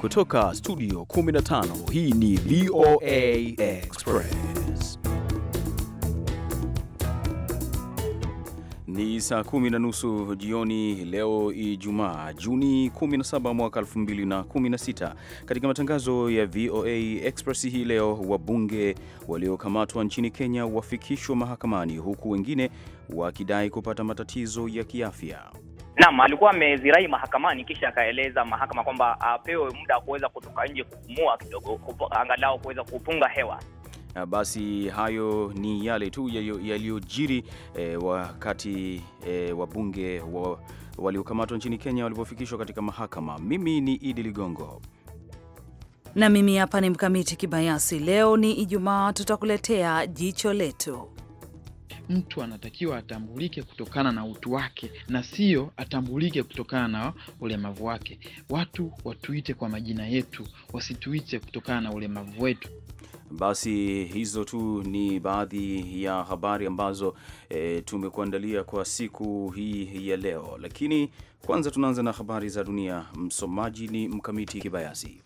Kutoka studio 15 hii ni VOA Express. Ni saa kumi na nusu jioni leo Ijumaa, Juni 17 mwaka 2016. Katika matangazo ya VOA Express hii leo, wabunge waliokamatwa nchini Kenya wafikishwa mahakamani, huku wengine wakidai kupata matatizo ya kiafya. Naam, alikuwa amezirai mahakamani kisha akaeleza mahakama kwamba apewe muda wa kuweza kutoka nje kupumua kidogo, angalau kuweza kupunga hewa. Na basi hayo ni yale tu yaliyojiri eh, wakati eh, wabunge wa, waliokamatwa nchini Kenya walipofikishwa katika mahakama. Mimi ni Idi Ligongo na mimi hapa ni Mkamiti Kibayasi. Leo ni Ijumaa, tutakuletea jicho letu mtu anatakiwa atambulike kutokana na utu wake na sio atambulike kutokana na ulemavu wake. Watu watuite kwa majina yetu, wasituite kutokana na ulemavu wetu. Basi hizo tu ni baadhi ya habari ambazo e, tumekuandalia kwa siku hii ya leo, lakini kwanza tunaanza na habari za dunia. Msomaji ni Mkamiti Kibayasi.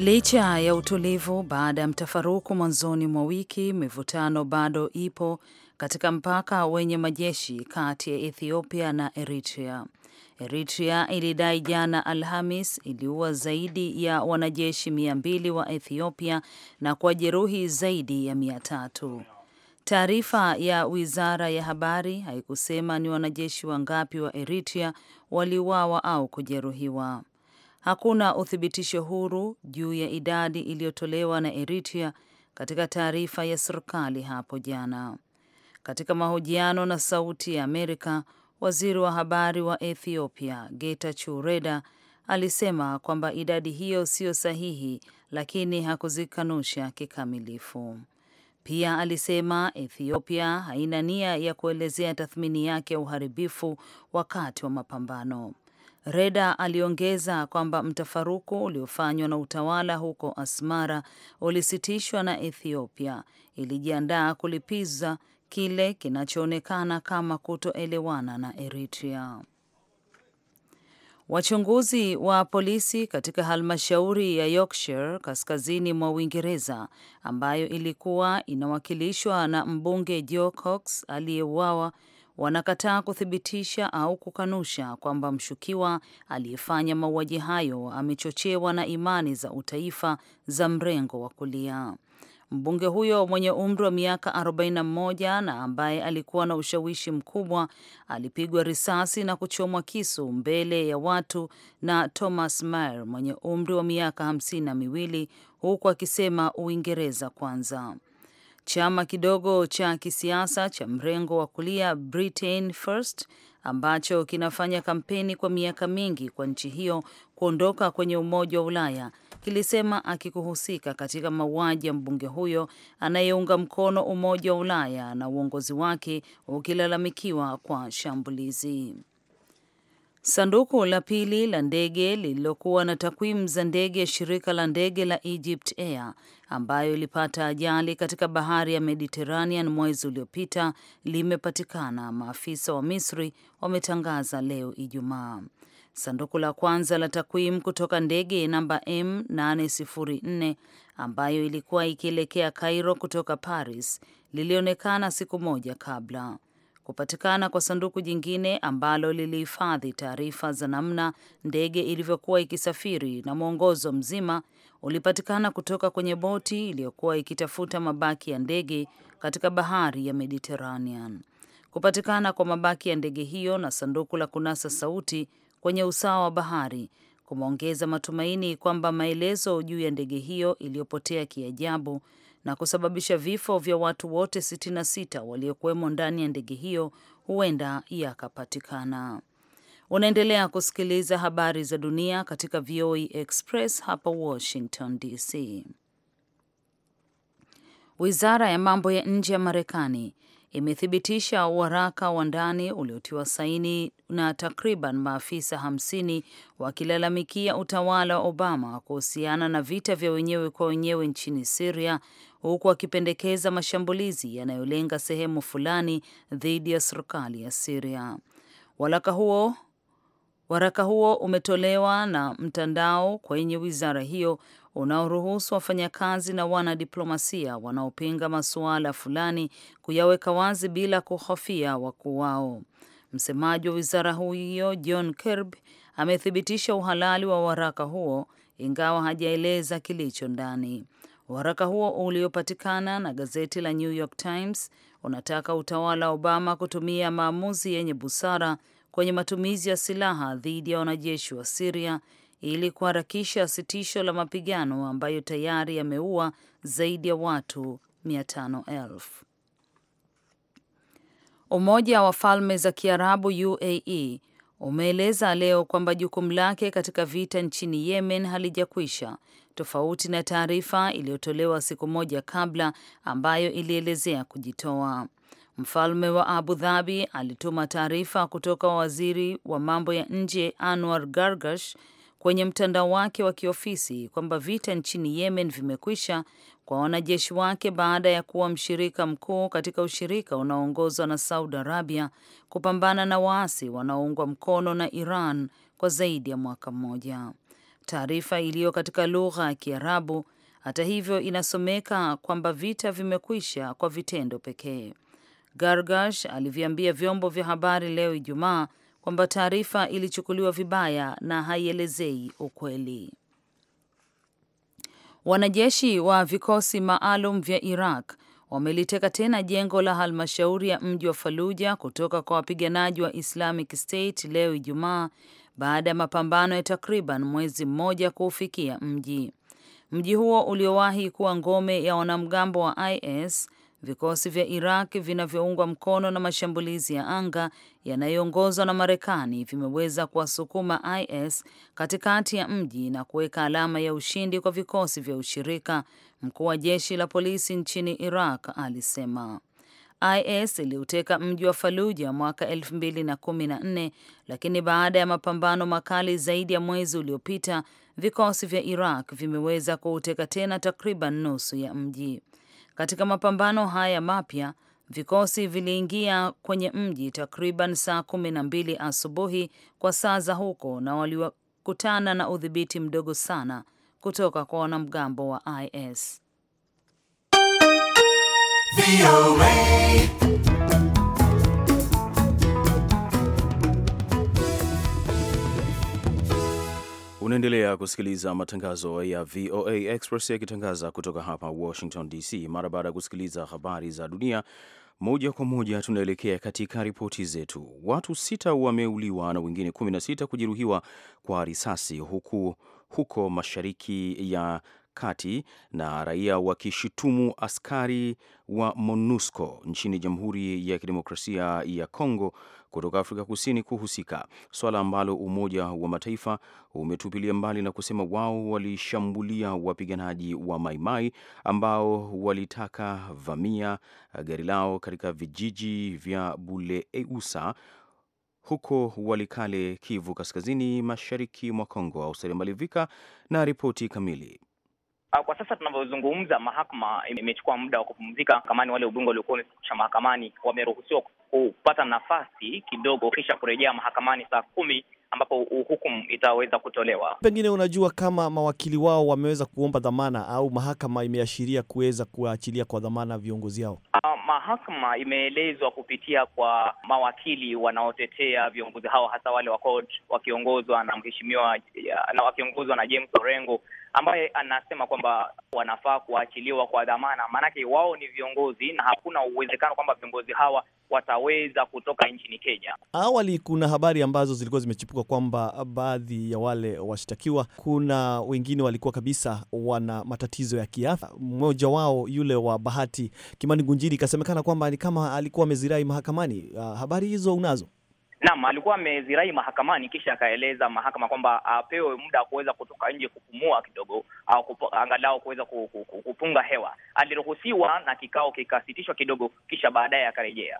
Licha ya utulivu baada ya mtafaruku mwanzoni mwa wiki, mivutano bado ipo katika mpaka wenye majeshi kati ya Ethiopia na Eritrea. Eritrea ilidai jana Alhamis iliua zaidi ya wanajeshi mia mbili wa Ethiopia na kuwajeruhi zaidi ya mia tatu. Taarifa ya wizara ya habari haikusema ni wanajeshi wangapi wa Eritrea waliuawa au kujeruhiwa. Hakuna uthibitisho huru juu ya idadi iliyotolewa na Eritrea katika taarifa ya serikali hapo jana. Katika mahojiano na Sauti ya Amerika, waziri wa habari wa Ethiopia Getachew Reda alisema kwamba idadi hiyo siyo sahihi, lakini hakuzikanusha kikamilifu. Pia alisema Ethiopia haina nia ya kuelezea tathmini yake ya uharibifu wakati wa mapambano. Reda aliongeza kwamba mtafaruku uliofanywa na utawala huko Asmara ulisitishwa na Ethiopia ilijiandaa kulipiza kile kinachoonekana kama kutoelewana na Eritrea. Wachunguzi wa polisi katika halmashauri ya Yorkshire kaskazini mwa Uingereza ambayo ilikuwa inawakilishwa na mbunge Joe Cox aliyeuawa wanakataa kuthibitisha au kukanusha kwamba mshukiwa aliyefanya mauaji hayo amechochewa na imani za utaifa za mrengo wa kulia. Mbunge huyo mwenye umri wa miaka 41 na ambaye alikuwa na ushawishi mkubwa alipigwa risasi na kuchomwa kisu mbele ya watu na Thomas Mair mwenye umri wa miaka hamsini na miwili huku akisema Uingereza kwanza. Chama kidogo cha kisiasa cha mrengo wa kulia Britain First ambacho kinafanya kampeni kwa miaka mingi kwa nchi hiyo kuondoka kwenye Umoja wa Ulaya kilisema akikuhusika katika mauaji ya mbunge huyo anayeunga mkono Umoja wa Ulaya na uongozi wake ukilalamikiwa kwa shambulizi. Sanduku la pili la ndege lililokuwa na takwimu za ndege ya shirika la ndege la Egypt Air ambayo ilipata ajali katika bahari ya Mediterranean mwezi uliopita limepatikana, maafisa wa Misri wametangaza leo Ijumaa. Sanduku la kwanza la takwimu kutoka ndege namba M804 ambayo ilikuwa ikielekea Cairo kutoka Paris lilionekana siku moja kabla kupatikana kwa sanduku jingine ambalo lilihifadhi taarifa za namna ndege ilivyokuwa ikisafiri na mwongozo mzima ulipatikana kutoka kwenye boti iliyokuwa ikitafuta mabaki ya ndege katika bahari ya Mediterranean. Kupatikana kwa mabaki ya ndege hiyo na sanduku la kunasa sauti kwenye usawa wa bahari kumeongeza matumaini kwamba maelezo juu ya ndege hiyo iliyopotea kiajabu na kusababisha vifo vya watu wote 66 waliokuwemo ndani ya ndege hiyo huenda yakapatikana. Unaendelea kusikiliza habari za dunia katika VOA e Express hapa Washington DC. Wizara ya mambo ya nje ya Marekani imethibitisha waraka wa ndani uliotiwa saini na takriban maafisa 50 wakilalamikia utawala wa Obama kuhusiana na vita vya wenyewe kwa wenyewe nchini Siria huku akipendekeza mashambulizi yanayolenga sehemu fulani dhidi ya serikali ya siria Waraka huo waraka huo umetolewa na mtandao kwenye wizara hiyo unaoruhusu wafanyakazi na wanadiplomasia wanaopinga masuala fulani kuyaweka wazi bila kuhofia wakuu wao. Msemaji wa wizara hiyo John Kirby amethibitisha uhalali wa waraka huo, ingawa hajaeleza kilicho ndani. Waraka huo uliopatikana na gazeti la New York Times unataka utawala wa Obama kutumia maamuzi yenye busara kwenye matumizi ya silaha dhidi ya wanajeshi wa Siria ili kuharakisha sitisho la mapigano ambayo tayari yameua zaidi ya watu 500,000. Umoja wa Falme za Kiarabu UAE umeeleza leo kwamba jukumu lake katika vita nchini Yemen halijakwisha, tofauti na taarifa iliyotolewa siku moja kabla ambayo ilielezea kujitoa. Mfalme wa Abu Dhabi alituma taarifa kutoka waziri wa mambo ya nje Anwar Gargash kwenye mtandao wake wa kiofisi kwamba vita nchini Yemen vimekwisha kwa wanajeshi wake baada ya kuwa mshirika mkuu katika ushirika unaoongozwa na Saudi Arabia kupambana na waasi wanaoungwa mkono na Iran kwa zaidi ya mwaka mmoja. Taarifa iliyo katika lugha ya Kiarabu hata hivyo inasomeka kwamba vita vimekwisha kwa vitendo pekee. Gargash aliviambia vyombo vya habari leo Ijumaa kwamba taarifa ilichukuliwa vibaya na haielezei ukweli. Wanajeshi wa vikosi maalum vya Iraq wameliteka tena jengo la halmashauri ya mji wa Faluja kutoka kwa wapiganaji wa Islamic State leo Ijumaa, baada ya mapambano ya takriban mwezi mmoja kuufikia mji. Mji huo uliowahi kuwa ngome ya wanamgambo wa IS Vikosi vya Iraq vinavyoungwa mkono na mashambulizi ya anga yanayoongozwa na Marekani vimeweza kuwasukuma IS katikati ya mji na kuweka alama ya ushindi kwa vikosi vya ushirika, mkuu wa jeshi la polisi nchini Iraq alisema. IS iliuteka mji wa Faluja mwaka 2014 lakini baada ya mapambano makali zaidi ya mwezi uliopita, vikosi vya Iraq vimeweza kuuteka tena takriban nusu ya mji. Katika mapambano haya mapya, vikosi viliingia kwenye mji takriban saa kumi na mbili asubuhi kwa saa za huko na waliokutana na udhibiti mdogo sana kutoka kwa wanamgambo wa IS. Unaendelea kusikiliza matangazo ya VOA Express yakitangaza kutoka hapa Washington DC. Mara baada ya kusikiliza habari za dunia moja kwa moja, tunaelekea katika ripoti zetu. Watu sita wameuliwa na wengine 16 kujeruhiwa kwa risasi huku huko mashariki ya kati na raia wakishutumu askari wa MONUSCO nchini Jamhuri ya Kidemokrasia ya Kongo kutoka Afrika Kusini kuhusika, swala ambalo Umoja wa Mataifa umetupilia mbali na kusema wao walishambulia wapiganaji wa Maimai ambao walitaka vamia gari lao katika vijiji vya buleeusa huko Walikale, Kivu Kaskazini, mashariki mwa Kongo. Austeri Malivika na ripoti kamili. Kwa sasa tunavyozungumza, mahakama imechukua muda wa kupumzika. kamani wale ubingwa waliokuwa wamefikisha mahakamani, wameruhusiwa kupata nafasi kidogo, kisha kurejea mahakamani saa kumi ambapo hukumu itaweza kutolewa. Pengine unajua kama mawakili wao wameweza kuomba dhamana au mahakama imeashiria kuweza kuwaachilia kwa dhamana viongozi hao. Uh, ah, mahakama imeelezwa kupitia kwa mawakili wanaotetea viongozi hao hasa wale wa wakiongozwa na mheshimiwa na wakiongozwa na James Orengo ambaye anasema kwamba wanafaa kuachiliwa kwa dhamana, maanake wao ni viongozi na hakuna uwezekano kwamba viongozi hawa wataweza kutoka nchini Kenya. Awali kuna habari ambazo zilikuwa zimechipuka kwa kwamba baadhi ya wale washtakiwa, kuna wengine walikuwa kabisa wana matatizo ya kiafya. Mmoja wao yule wa Bahati Kimani Gunjiri, ikasemekana kwamba ni kama alikuwa amezirai mahakamani. Ah, habari hizo unazo? Naam, alikuwa amezirai mahakamani kisha akaeleza mahakama kwamba apewe muda wa kuweza kutoka nje kupumua kidogo au angalau kuweza kupunga hewa. Aliruhusiwa na kikao kikasitishwa kidogo, kisha baadaye akarejea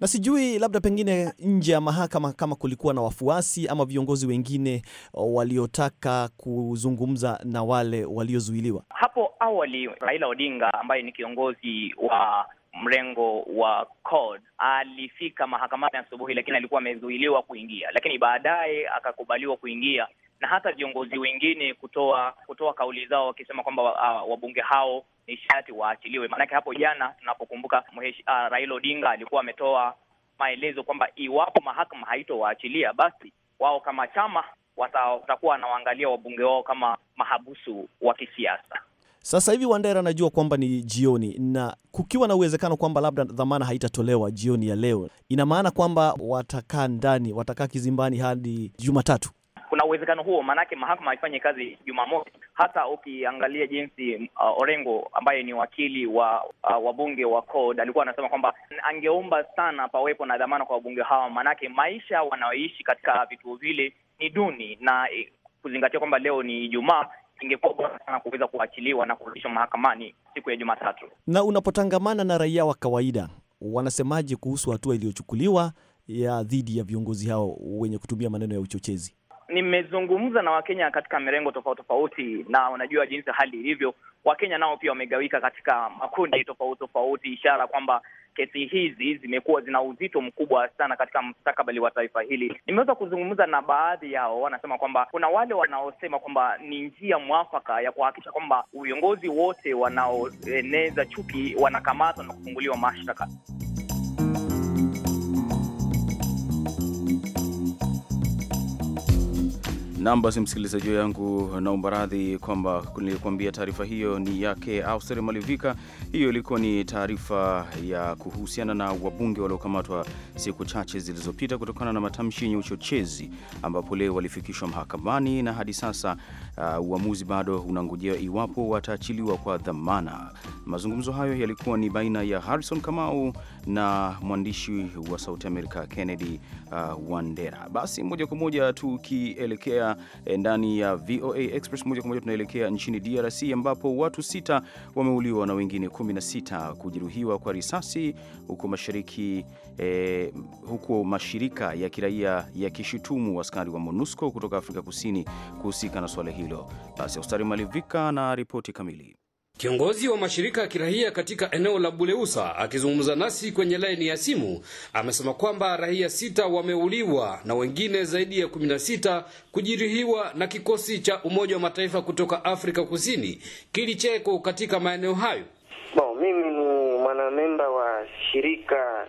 na sijui labda pengine nje ya mahakama kama kulikuwa na wafuasi ama viongozi wengine waliotaka kuzungumza na wale waliozuiliwa. Hapo awali Raila Odinga ambaye ni kiongozi wa mrengo wa CORD alifika mahakamani asubuhi, lakini alikuwa amezuiliwa kuingia, lakini baadaye akakubaliwa kuingia na hata viongozi wengine kutoa kutoa kauli zao wakisema kwamba uh, wabunge hao ni sharti waachiliwe. Maanake hapo jana tunapokumbuka, uh, Raila Odinga alikuwa ametoa maelezo kwamba iwapo mahakama haitowaachilia basi wao kama chama watakuwa wanawaangalia wabunge wao kama mahabusu wa kisiasa. Sasa hivi Wandera, anajua kwamba ni jioni na kukiwa na uwezekano kwamba labda dhamana haitatolewa jioni ya leo, ina maana kwamba watakaa ndani, watakaa kizimbani hadi Jumatatu kuna uwezekano huo, maanake mahakama haifanye kazi Jumamosi. Hata ukiangalia jinsi uh, Orengo ambaye ni wakili wa uh, wabunge wa CORD alikuwa anasema kwamba angeomba sana pawepo na dhamana kwa wabunge hawa, maanake maisha wanaoishi katika vituo vile ni duni, na eh, kuzingatia kwamba leo ni Ijumaa ingekuwa bora sana kuweza kuachiliwa na kurudishwa mahakamani siku ya Jumatatu. Na unapotangamana na raia wa kawaida, wanasemaje kuhusu hatua iliyochukuliwa ya dhidi ya viongozi hao wenye kutumia maneno ya uchochezi? nimezungumza na Wakenya katika mirengo tofauti tofauti, na unajua jinsi hali ilivyo. Wakenya nao pia wamegawika katika makundi tofauti tofauti, ishara kwamba kesi hizi zimekuwa zina uzito mkubwa sana katika mstakabali wa taifa hili. Nimeweza kuzungumza na baadhi yao, wanasema kwamba kuna wale wanaosema kwamba ni njia mwafaka ya kuhakikisha kwamba viongozi wote wanaoeneza chuki wanakamatwa na kufunguliwa mashtaka. Nam, basi msikilizaji yangu, naomba radhi kwamba nilikuambia taarifa hiyo ni yake Auster Malivika. Hiyo ilikuwa ni taarifa ya kuhusiana na wabunge waliokamatwa siku chache zilizopita kutokana na matamshi yenye uchochezi, ambapo leo walifikishwa mahakamani na hadi sasa uh, uamuzi bado unangojewa iwapo wataachiliwa kwa dhamana. Mazungumzo hayo yalikuwa ni baina ya Harrison Kamau na mwandishi wa Sauti Amerika Kennedy uh, Wandera. Basi moja kwa moja tukielekea eh, ndani ya VOA Express, moja kwa moja tunaelekea nchini DRC ambapo watu sita wameuliwa na wengine 16 kujeruhiwa kwa risasi huko mashariki E, eh, huku mashirika ya kiraia yakishutumu askari wa MONUSCO kutoka Afrika Kusini kuhusika na swala hili hilo. Basi Austari Malivika na ripoti kamili. Kiongozi wa mashirika ya kiraia katika eneo la Buleusa akizungumza nasi kwenye laini ya simu amesema kwamba raia sita wameuliwa na wengine zaidi ya 16 kujeruhiwa na kikosi cha Umoja wa Mataifa kutoka Afrika Kusini kilicheko katika maeneo hayo. Bo, mimi ni mwanamemba wa shirika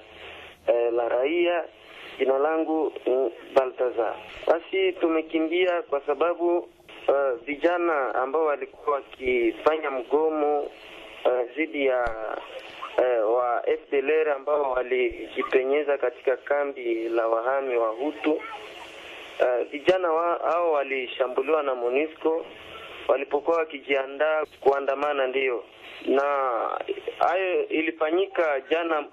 eh, la raia jina langu ni Baltazar. Basi tumekimbia kwa sababu uh, vijana ambao walikuwa wakifanya mgomo uh, dhidi ya uh, wa FDLR ambao walijipenyeza katika kambi la wahami wa Hutu. Uh, vijana uh, hao walishambuliwa na MONUSCO walipokuwa wakijiandaa kuandamana, ndiyo, na hayo ilifanyika jana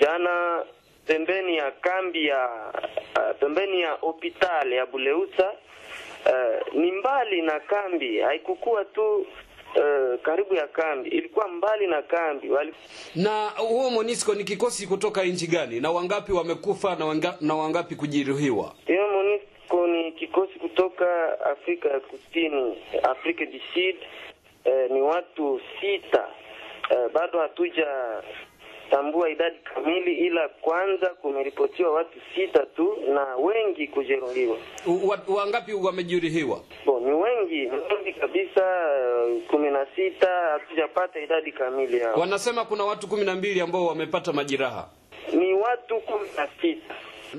jana pembeni ya kambi ya uh, pembeni ya hospitali ya Buleusa Eh, ni mbali na kambi, haikukuwa tu Uh, karibu ya kambi ilikuwa mbali na kambi wali... na huo Monisco ni kikosi kutoka nchi gani na wangapi wamekufa na, wanga, na wangapi kujeruhiwa? Hiyo Monisco ni kikosi kutoka Afrika ya Kusini, Afrika du Sud. Eh, ni watu sita. Uh, bado hatuja tambua idadi kamili, ila kwanza kumeripotiwa watu sita tu na wengi kujeruhiwa. Wangapi wamejeruhiwa? Ni wengi, wengi kabisa, uh, kumi na sita. Hatujapata idadi kamili yao. Wanasema kuna watu kumi na mbili ambao wamepata majeraha. Ni watu kumi na sita.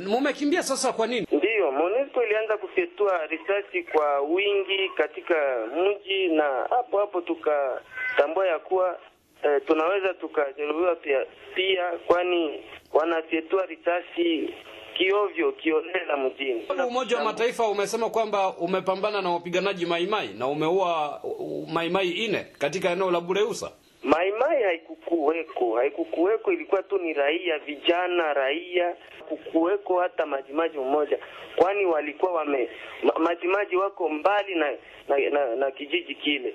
Mumekimbia sasa, kwa nini? Ndiyo, MONUSCO ilianza kufetua risasi kwa wingi katika mji, na hapo hapo tukatambua ya kuwa eh, tunaweza tukajeruhiwa pia pia, kwani wanafyetua risasi kiovyo kiolela mjini. Umoja wa Mataifa umesema kwamba umepambana na wapiganaji maimai na umeua maimai ine katika eneo la Bureusa. Maimai haikukuweko, haikukuweko, ilikuwa tu ni raia vijana, raia kukuweko hata majimaji mmoja, kwani walikuwa wame majimaji wako mbali na na, na, na kijiji kile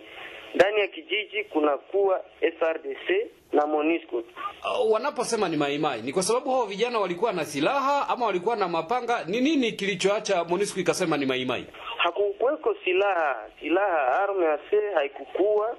ndani ya kijiji kunakuwa FRDC na MONUSCO. Uh, wanaposema ni maimai ni kwa sababu hao vijana walikuwa na silaha ama walikuwa na mapanga? Ni nini kilichoacha MONUSCO ikasema ni maimai? Hakukuweko silaha, silaha arme ase haikukuwa,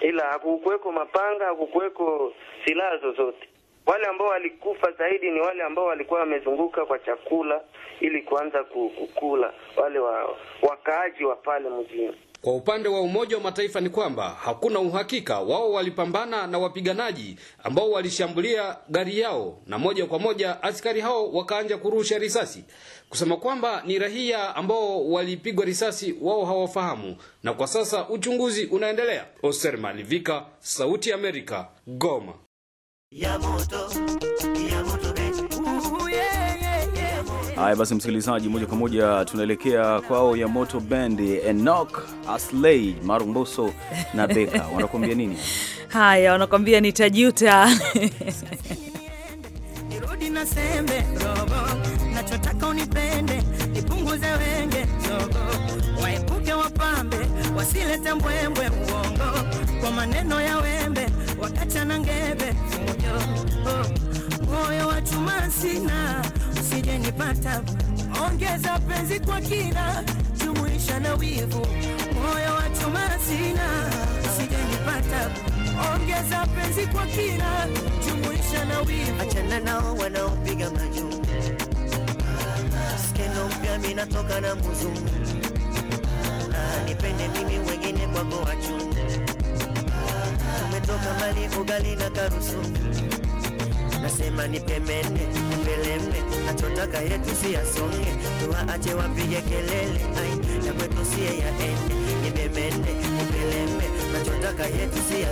ila hakukuweko mapanga, hakukuweko silaha zozote. Wale ambao walikufa zaidi ni wale ambao walikuwa wamezunguka kwa chakula ili kuanza kukula, wale wa wakaaji wa pale mjini. Kwa upande wa Umoja wa Mataifa ni kwamba hakuna uhakika wao walipambana na wapiganaji ambao walishambulia gari yao, na moja kwa moja askari hao wakaanza kurusha risasi. Kusema kwamba ni raia ambao walipigwa risasi, wao hawafahamu, na kwa sasa uchunguzi unaendelea. Oser Malivika, Sauti ya Amerika, Goma ya moto. Haya basi, msikilizaji, moja kwa moja tunaelekea kwao ya moto bendi Enoch Asley Marumboso na Beka wanakuambia nini? Haya, wanakuambia nitajuta. Nirudi na sembe robo, nachotaka unipende, nipunguze wenge sogo, waepuke wapambe, wasilete mbwembwe, uongo kwa maneno ya wembe, wakacha na ngebe moyo, oh, moyo wa chuma sina asije nipata, ongeza penzi kwa kina, jumuisha na wivu, moyo wa chuma sina, asije nipata, ongeza penzi kwa kina, jumuisha na wivu, achana nao wanaopiga majuu, skendo mpya mimi natoka na mzungu, nipende mimi wengine kwako wachu, umetoka mbali ugali na karusu, nasema nipemene, nipelembe nachotaka yetu si tuwaache wapige kelele, ai ya kwetu siye yaende, ibebende upelembe. Nachotaka yetu si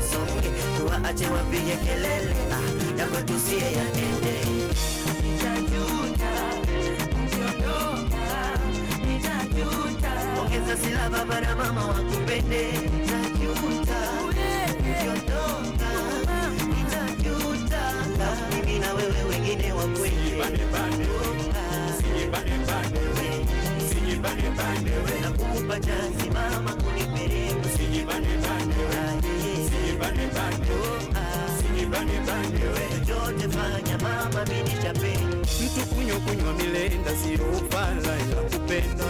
tuwaache wapige kelele, ah, ya kwetu siye yaende. Ongeza silaha baba mama wakupende, nitajuta ukiondoka nakupa chance mama chochote fanya mama mimi Mtu kunywa kunywa milenda sio ufala ila kupenda,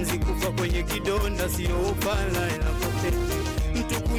mzikufa kwenye kidonda sio ufala ila kupenda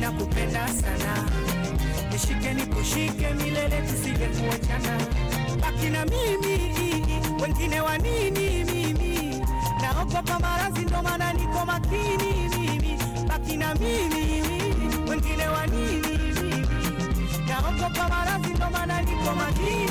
nakupenda sana, nishike nikushike milele, tusije kuachana, baki na mimi, wengine wa nini? Mimi naogopa maradhi, ndo maana niko makini mimi, baki na mimi, wengine wa nini? Mimi Naogopa maradhi, ndo maana niko makini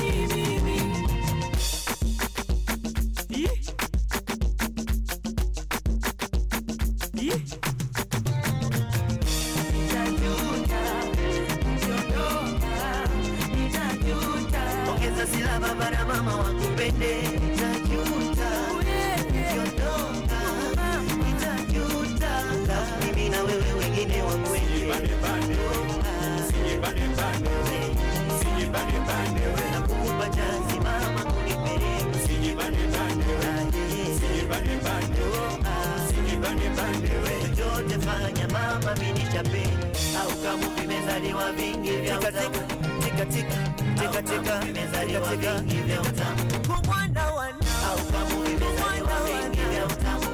yote fanya mama mini chape au kama vimezaliwa vingi vya utamu tika tika tika tika vimezaliwa vingi vya utamu kumwanda wana au kama vimezaliwa vingi vya utamu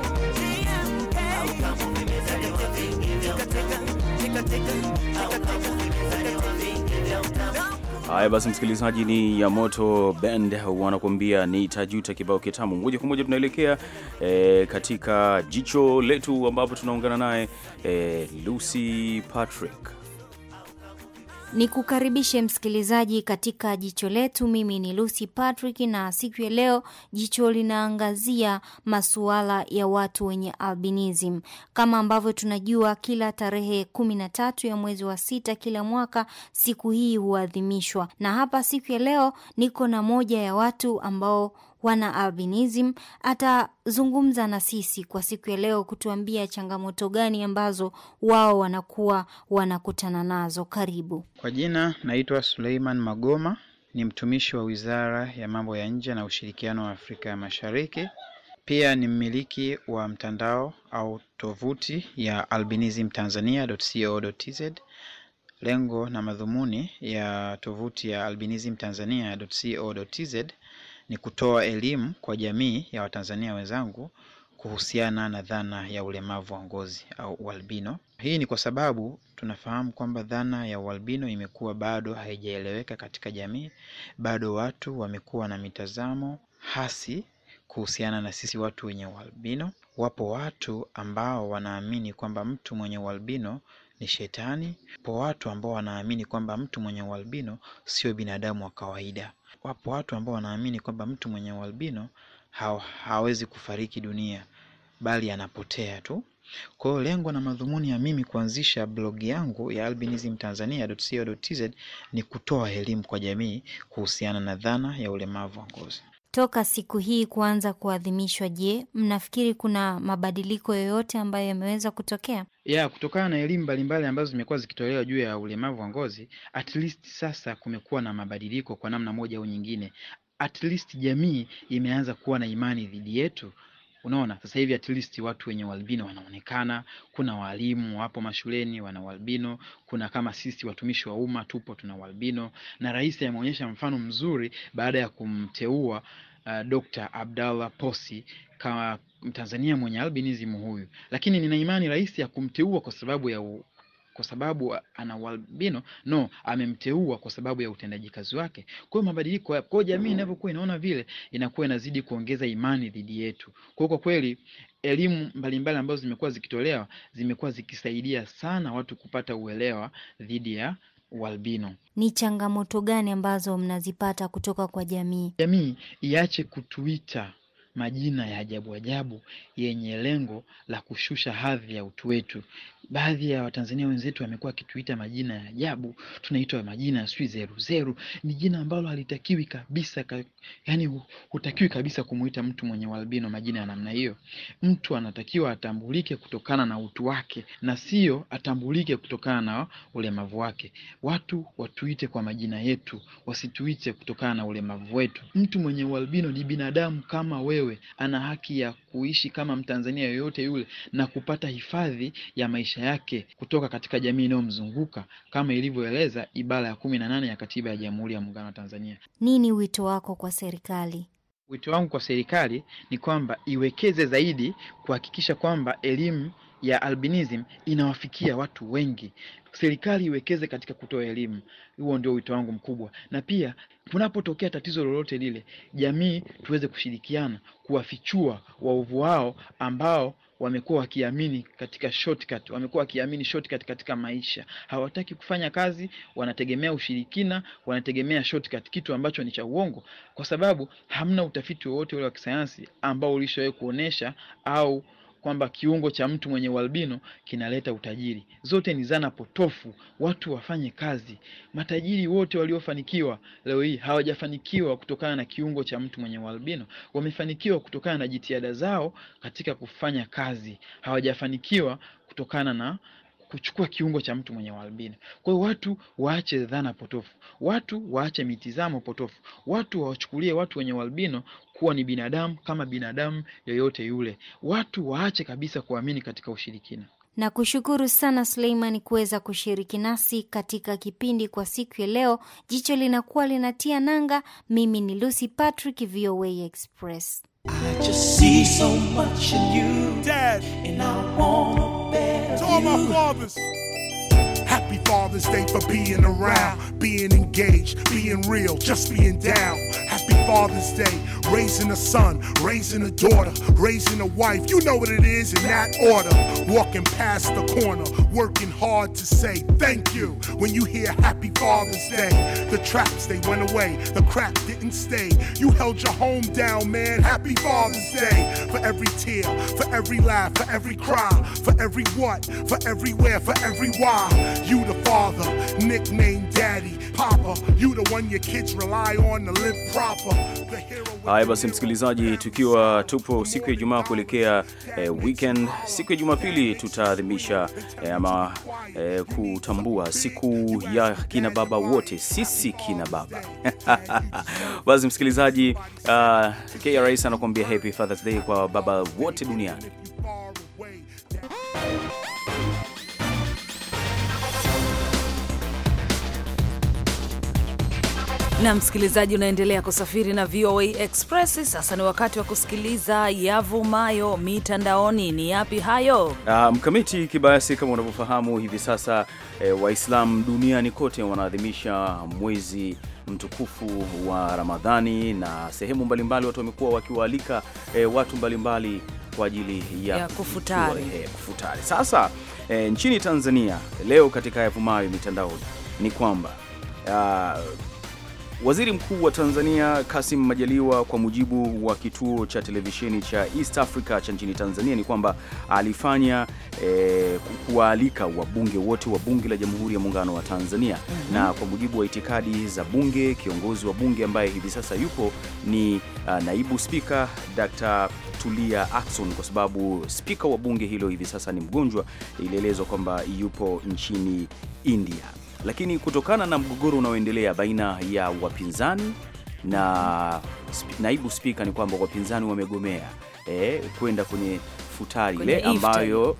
tika tika tika tika Haya basi, msikilizaji, ni ya moto band wanakuambia ni tajuta, kibao kitamu. Moja kwa moja tunaelekea e, katika jicho letu ambapo tunaungana naye eh, Lucy Patrick ni kukaribishe msikilizaji katika jicho letu. Mimi ni Lucy Patrick, na siku ya leo jicho linaangazia masuala ya watu wenye albinism. Kama ambavyo tunajua, kila tarehe kumi na tatu ya mwezi wa sita kila mwaka siku hii huadhimishwa, na hapa siku ya leo niko na moja ya watu ambao wana albinism atazungumza na sisi kwa siku ya leo kutuambia changamoto gani ambazo wao wanakuwa wanakutana nazo. Karibu. Kwa jina naitwa Suleiman Magoma, ni mtumishi wa Wizara ya Mambo ya Nje na Ushirikiano wa Afrika ya Mashariki. Pia ni mmiliki wa mtandao au tovuti ya albinism albinismtanzania.co.tz. Lengo na madhumuni ya tovuti ya albinism albinismtanzania.co.tz ni kutoa elimu kwa jamii ya Watanzania wenzangu kuhusiana na dhana ya ulemavu wa ngozi au ualbino. Hii ni kwa sababu tunafahamu kwamba dhana ya ualbino imekuwa bado haijaeleweka katika jamii, bado watu wamekuwa na mitazamo hasi kuhusiana na sisi watu wenye ualbino. Wapo watu ambao wanaamini kwamba mtu mwenye ualbino ni shetani. Po watu ambao wanaamini kwamba mtu mwenye ualbino sio binadamu wa kawaida. Wapo watu ambao wanaamini kwamba mtu mwenye ualbino ha hawezi kufariki dunia bali anapotea tu. Kwa hiyo lengo na madhumuni ya mimi kuanzisha blogi yangu ya albinism tanzania.co.tz ni kutoa elimu kwa jamii kuhusiana na dhana ya ulemavu wa ngozi toka siku hii kuanza kuadhimishwa, je, mnafikiri kuna mabadiliko yoyote ambayo yameweza kutokea? ya kutokana na elimu mbalimbali ambazo zimekuwa zikitolewa juu ya ulemavu wa ngozi, at least sasa kumekuwa na mabadiliko kwa namna moja au nyingine. At least jamii imeanza kuwa na imani dhidi yetu Unaona, sasa hivi at least watu wenye ualbino wanaonekana. Kuna walimu wapo mashuleni wana ualbino, kuna kama sisi watumishi wa umma tupo tuna ualbino, na rais ameonyesha mfano mzuri baada ya kumteua uh, Dr. Abdallah Posi kama Mtanzania mwenye albinism huyu, lakini nina imani rais ya kumteua kwa sababu ya u kwa sababu ana ualbino no, amemteua kwa sababu ya utendaji kazi wake. Kwa hiyo mabadiliko hayo, kwa jamii inavyokuwa inaona vile, inakuwa inazidi kuongeza imani dhidi yetu. Kwa hiyo kwa kweli elimu mbalimbali ambazo zimekuwa zikitolewa zimekuwa zikisaidia sana watu kupata uelewa dhidi ya ualbino. Ni changamoto gani ambazo mnazipata kutoka kwa jamii? Jamii iache kutuita majina ya ajabu ajabu yenye lengo la kushusha hadhi ya utu wetu baadhi ya Watanzania wenzetu wamekuwa wakituita majina ya ajabu, tunaitwa majina sijui zeruzeru. Ni jina ambalo halitakiwi kabisa ka, yani hutakiwi kabisa kumuita mtu mwenye ualbino majina ya namna hiyo. Mtu anatakiwa atambulike kutokana na utu wake na sio atambulike kutokana na ulemavu wake. Watu watuite kwa majina yetu, wasituite kutokana na ulemavu wetu. Mtu mwenye ualbino ni binadamu kama wewe, ana haki ya kuishi kama Mtanzania yoyote yule na kupata hifadhi ya maisha maisha yake kutoka katika jamii inayomzunguka kama ilivyoeleza ibara ya kumi na nane ya Katiba ya Jamhuri ya Muungano wa Tanzania. Nini wito wako kwa serikali? Wito wangu kwa serikali ni kwamba iwekeze zaidi kuhakikisha kwamba elimu ya albinism inawafikia watu wengi. Serikali iwekeze katika kutoa elimu. Huo ndio wito wangu mkubwa, na pia kunapotokea tatizo lolote lile, jamii tuweze kushirikiana kuwafichua waovu wao ambao wamekuwa wakiamini katika shortcut, wamekuwa wakiamini shortcut katika maisha. Hawataki kufanya kazi, wanategemea ushirikina, wanategemea shortcut, kitu ambacho ni cha uongo, kwa sababu hamna utafiti wowote ule wa kisayansi ambao ulishawahi kuonesha au kwamba kiungo cha mtu mwenye ualbino kinaleta utajiri. Zote ni zana potofu, watu wafanye kazi. Matajiri wote waliofanikiwa leo hii hawajafanikiwa kutokana na kiungo cha mtu mwenye ualbino, wamefanikiwa kutokana na jitihada zao katika kufanya kazi, hawajafanikiwa kutokana na kuchukua kiungo cha mtu mwenye ualbino. Kwa hiyo watu waache dhana potofu, watu waache mitizamo potofu, watu wawachukulie watu wenye ualbino kuwa ni binadamu kama binadamu yoyote yule. Watu waache kabisa kuamini katika ushirikina. Na kushukuru sana Suleiman kuweza kushiriki nasi katika kipindi kwa siku ya leo. Jicho linakuwa linatia nanga. Mimi ni Lucy Patrick, VOA Express. I just see so much in you, Dad. And I wanna... all my fathers. Happy Father's Day for being around, being engaged, being real, just being down. Happy Father's Day. Raising a son, raising a daughter, raising a wife. You know what it is in that order. Walking past the corner, working hard to say thank you when you hear Happy Father's Day. The traps, they went away. The crap didn't stay. You held your home down, man. Happy Father's Day. For every tear, for every laugh, for every cry, for every what, for everywhere, for every why. You the father, nickname daddy, papa, you the one your kids rely on to live proper. Haya basi, msikilizaji, tukiwa tupo siku ya Ijumaa kuelekea eh, weekend. Siku ya Jumapili tutaadhimisha eh, ama eh, kutambua siku ya kina baba wote, sisi kina baba basi msikilizaji, uh, ah, KRS anakuambia happy Father's Day kwa baba wote duniani. na msikilizaji, unaendelea kusafiri na VOA Express. Sasa ni wakati wa kusikiliza yavumayo mitandaoni. Ni yapi hayo? Uh, mkamiti kibayasi, kama unavyofahamu hivi sasa eh, Waislamu duniani kote wanaadhimisha mwezi mtukufu wa Ramadhani na sehemu mbalimbali watu wamekuwa wakiwaalika eh, watu mbalimbali kwa ajili ya, ya kufutari. Eh, kufutari. Sasa eh, nchini Tanzania leo katika yavumayo mitandaoni ni kwamba Uh, Waziri Mkuu wa Tanzania Kasim Majaliwa, kwa mujibu wa kituo cha televisheni cha East Africa cha nchini Tanzania, ni kwamba alifanya e, kuwaalika wabunge wote wa bunge la Jamhuri ya Muungano wa Tanzania mm -hmm. na kwa mujibu wa itikadi za bunge, kiongozi wa bunge ambaye hivi sasa yupo ni a, ah, naibu spika Dr. Tulia Ackson, kwa sababu spika wa bunge hilo hivi sasa ni mgonjwa. Ilielezwa kwamba yupo nchini India. Lakini kutokana na mgogoro unaoendelea baina ya wapinzani na naibu spika, ni kwamba wapinzani wamegomea e, kwenda kwenye futari ile ambayo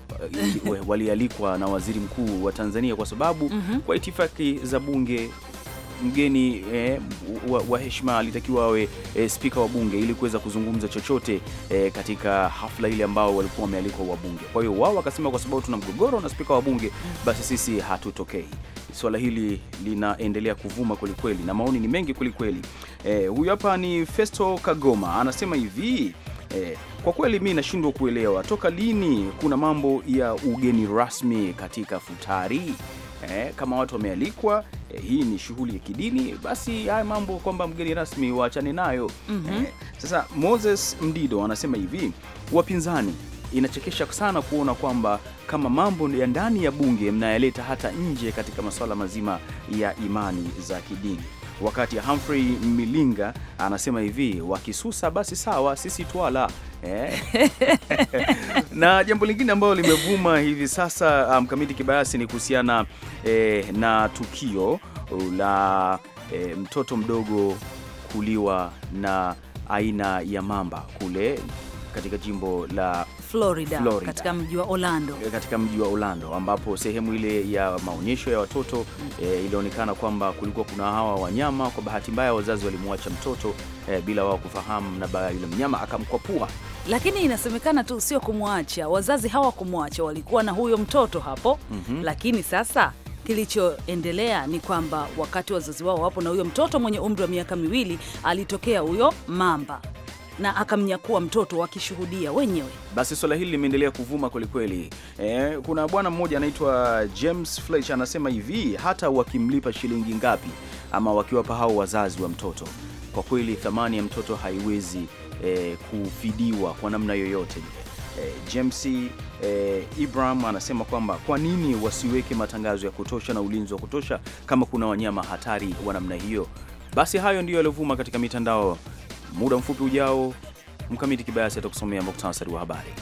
eh, walialikwa na waziri mkuu wa Tanzania kwa sababu mm -hmm. kwa itifaki za bunge mgeni eh, wa, wa heshima alitakiwa awe eh, spika wa bunge ili kuweza kuzungumza chochote eh, katika hafla ile ambao walikuwa wamealikwa wabunge. Kwa hiyo wao wakasema, kwa sababu tuna mgogoro na spika wa bunge, basi sisi hatutokei. Swala hili linaendelea kuvuma kwelikweli na maoni ni mengi kwelikweli. Eh, huyu hapa ni Festo Kagoma anasema hivi eh, kwa kweli mi nashindwa kuelewa toka lini kuna mambo ya ugeni rasmi katika futari eh, kama watu wamealikwa eh, hii ni shughuli ya kidini, basi haya mambo kwamba mgeni rasmi waachane nayo mm -hmm. Eh, sasa Moses Mdido anasema hivi, wapinzani inachekesha sana kuona kwamba kama mambo ya ndani ya bunge mnayaleta hata nje katika masuala mazima ya imani za kidini wakati Humphrey Milinga anasema hivi, wakisusa basi sawa, sisi twala eh. na jambo lingine ambalo limevuma hivi sasa ah, mkamiti um, kibayasi ni kuhusiana eh, na tukio la eh, mtoto mdogo kuliwa na aina ya mamba kule katika jimbo la Florida, Florida, katika mji wa Orlando, eh, katika mji wa Orlando ambapo sehemu ile ya maonyesho ya watoto mm. e, ilionekana kwamba kulikuwa kuna hawa wanyama. Kwa bahati mbaya wazazi walimwacha mtoto e, bila wao kufahamu, na baada yule mnyama akamkwapua, lakini inasemekana tu sio kumwacha, wazazi hawakumwacha, walikuwa na huyo mtoto hapo mm -hmm. lakini sasa kilichoendelea ni kwamba wakati wazazi wao wapo na huyo mtoto mwenye umri wa miaka miwili, alitokea huyo mamba na akamnyakua mtoto wakishuhudia wenyewe. Basi swala hili limeendelea kuvuma kwelikweli. Eh, kuna bwana mmoja anaitwa James Fletcher anasema hivi, hata wakimlipa shilingi ngapi ama wakiwapa hao wazazi wa mtoto, kwa kweli thamani ya mtoto haiwezi eh, kufidiwa kwa namna yoyote. Eh, James eh, Ibrahim anasema kwamba kwa nini wasiweke matangazo ya kutosha na ulinzi wa kutosha kama kuna wanyama hatari wa namna hiyo? Basi hayo ndiyo yaliovuma katika mitandao Muda mfupi ujao, Mkamiti Kibayasi atakusomea muktasari wa habari.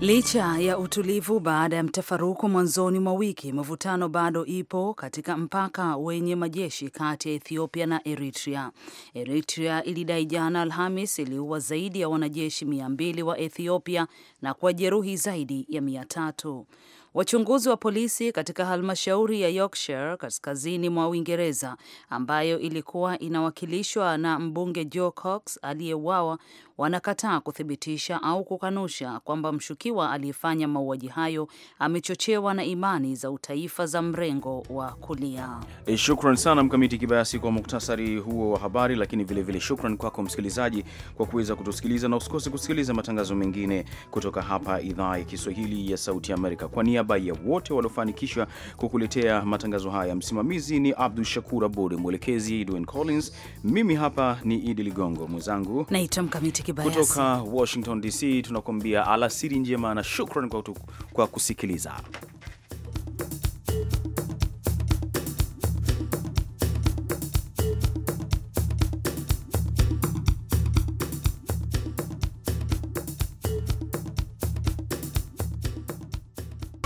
Licha ya utulivu baada ya mtafaruku mwanzoni mwa wiki, mivutano bado ipo katika mpaka wenye majeshi kati ya Ethiopia na Eritrea. Eritrea ilidai jana Alhamis iliua zaidi ya wanajeshi mia mbili wa Ethiopia na kuwajeruhi zaidi ya mia tatu. Wachunguzi wa polisi katika halmashauri ya Yorkshire kaskazini mwa Uingereza ambayo ilikuwa inawakilishwa na mbunge Joe Cox aliyeuawa wanakataa kuthibitisha au kukanusha kwamba mshukiwa aliyefanya mauaji hayo amechochewa na imani za utaifa za mrengo wa kulia. E, shukran sana Mkamiti Kibayasi kwa muktasari huo wa habari, lakini vilevile shukran kwako msikilizaji kwa kuweza kutusikiliza, na usikose kusikiliza matangazo mengine kutoka hapa idhaa ya Kiswahili ya Sauti ya Amerika. Kwa niaba ya wote waliofanikisha kukuletea matangazo haya, msimamizi ni Abdu Shakur Abud, mwelekezi Edwin Collins, mimi hapa ni Idi Ligongo, mwenzangu naitwa Mkamiti Kibayasi. Kutoka Washington DC tunakuambia alasiri njema na shukran kwa, kwa kusikiliza.